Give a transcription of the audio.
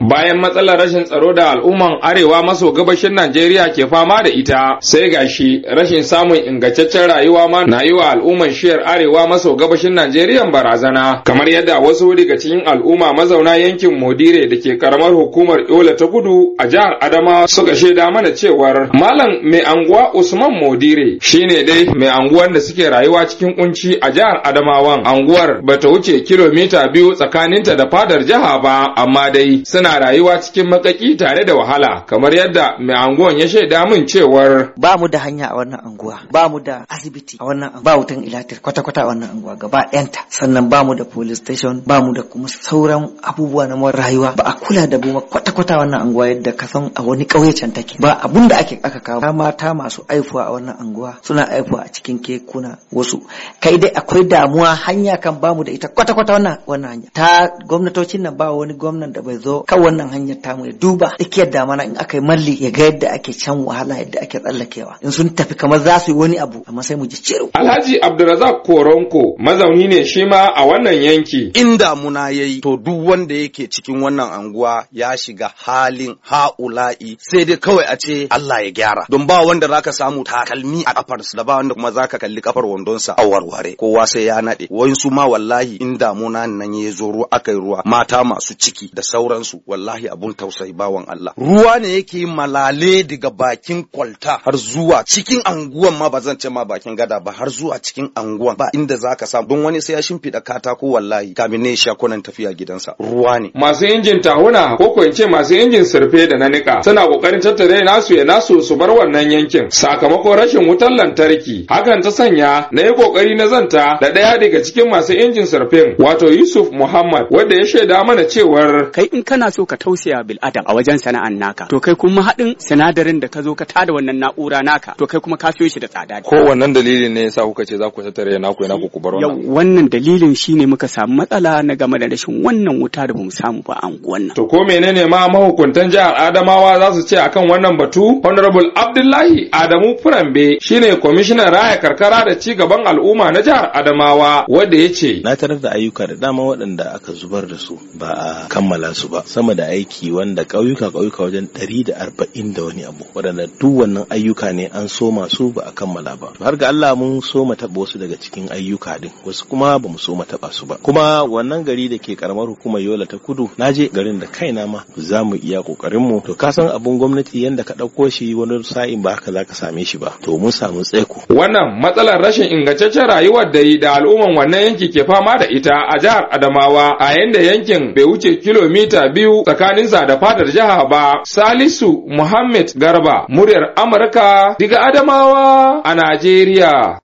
Bayan matsalar rashin tsaro da al'umman arewa maso gabashin Najeriya ke fama da ita, sai gashi rashin samun ingantaccen rayuwa ma na yi wa al'umman shiyar arewa maso gabashin Najeriya barazana, kamar yadda wasu daga cikin al'umma mazauna yankin Modire da ke karamar hukumar Yola ta Kudu a jihar Adamawa suka shaida mana cewar Malam mai anguwa Usman Modire shine dai mai anguwan da suke rayuwa cikin kunci a jihar Adamawa Anguwar bata wuce kilomita biyu tsakaninta da fadar jiha ba, amma dai suna yana rayuwa cikin makaki tare da wahala kamar yadda mai anguwan ya shaida min cewar ba mu da hanya a wannan anguwa ba mu da asibiti a wannan anguwa ba wutan ilatir kwata kwata a wannan anguwa gaba ɗayanta sannan ba mu da police station ba mu da kuma sauran abubuwa na rayuwa ba a kula da mu kwata kwata a wannan anguwa yadda ka san a wani ƙauye can take ba abun da ake aka kawo mata masu aifuwa a wannan anguwa suna aifuwa a cikin kekuna wasu kai dai akwai damuwa hanya kan ba mu da ita kwata kwata wannan wannan hanya ta gwamnatocin nan ba wani gwamnan da bai zo a wannan hanyar tamu ya duba tsakiyar mana in aka yi malli ya ga yadda ake can wahala yadda ake tsallakewa in sun tafi kamar za su yi wani abu amma sai mu ji ciro. Alhaji Abdulrazak Koronko mazauni ne shi ma a wannan yanki. In damuna ya yi to duk wanda yake cikin wannan anguwa ya shiga halin ha'ula'i sai dai kawai a ce Allah ya gyara don ba wanda zaka samu takalmi a kafarsa da ba wanda kuma zaka kalli kafar wandonsa a warware kowa sai ya naɗe Wasu ma wallahi in damuna nan ya zo ruwa aka yi ruwa mata masu ciki da sauransu wallahi abun tausayi bawan Allah ruwa ne yake malale daga bakin kwalta har zuwa cikin anguwan ma ba zan ce ma bakin gada ba har zuwa cikin anguwan ba inda zaka sa don wani sai ya shimfiɗa katako wallahi kamin ne sha kunan tafiya gidansa ruwa ne masu injin tahuna ko ko ince masu injin surfe da na nika suna kokarin tattare nasu ya nasu su bar wannan yankin sakamakon rashin wutar lantarki hakan ta sanya na yi kokari na zanta da ɗaya daga cikin masu injin surfin wato Yusuf Muhammad wanda ya shaida mana cewar kai in kana so ka tausaya bil adam a wajen sana'an naka to kai kuma haɗin sinadarin da ka zo ka tada wannan na'ura naka to kai kuma ka siyo shi da tsada ko wannan dalilin ne yasa kuka ce za ku tattare naku yana ku bar wannan wannan dalilin shine muka samu matsala na game da rashin wannan wuta da bamu samu ba a unguwan nan to ko menene ma mahukuntan jihar Adamawa za su ce akan wannan batu honorable Abdullahi Adamu Furambe shine kwamishinan raya karkara da ci gaban al'umma na jihar Adamawa wanda yace na tarar da ayyuka da dama waɗanda aka zubar da su ba a kammala su ba gama da aiki wanda ƙauyuka ƙauyuka wajen ɗari da arba'in da wani abu waɗanda duk wannan ayyuka ne an soma su ba a kammala ba har ga Allah mun soma taɓa wasu daga cikin ayyuka din wasu kuma ba mu soma taɓa su ba kuma wannan gari da ke karamar hukumar Yola ta Kudu na je garin da kaina ma za mu iya ƙoƙarin mu to ka san abun gwamnati yanda ka ɗauko shi wani sa'in ba haka za ka same shi ba to mun samu tsaiko. Wannan matsalar rashin ingantaccen rayuwar da yi da al'umman wannan yanki ke fama da ita a jihar Adamawa a yanda yankin bai wuce kilomita biyu tsakanin tsakaninsa da fadar jiha ba salisu muhammed garba muryar amurka diga adamawa a najeriya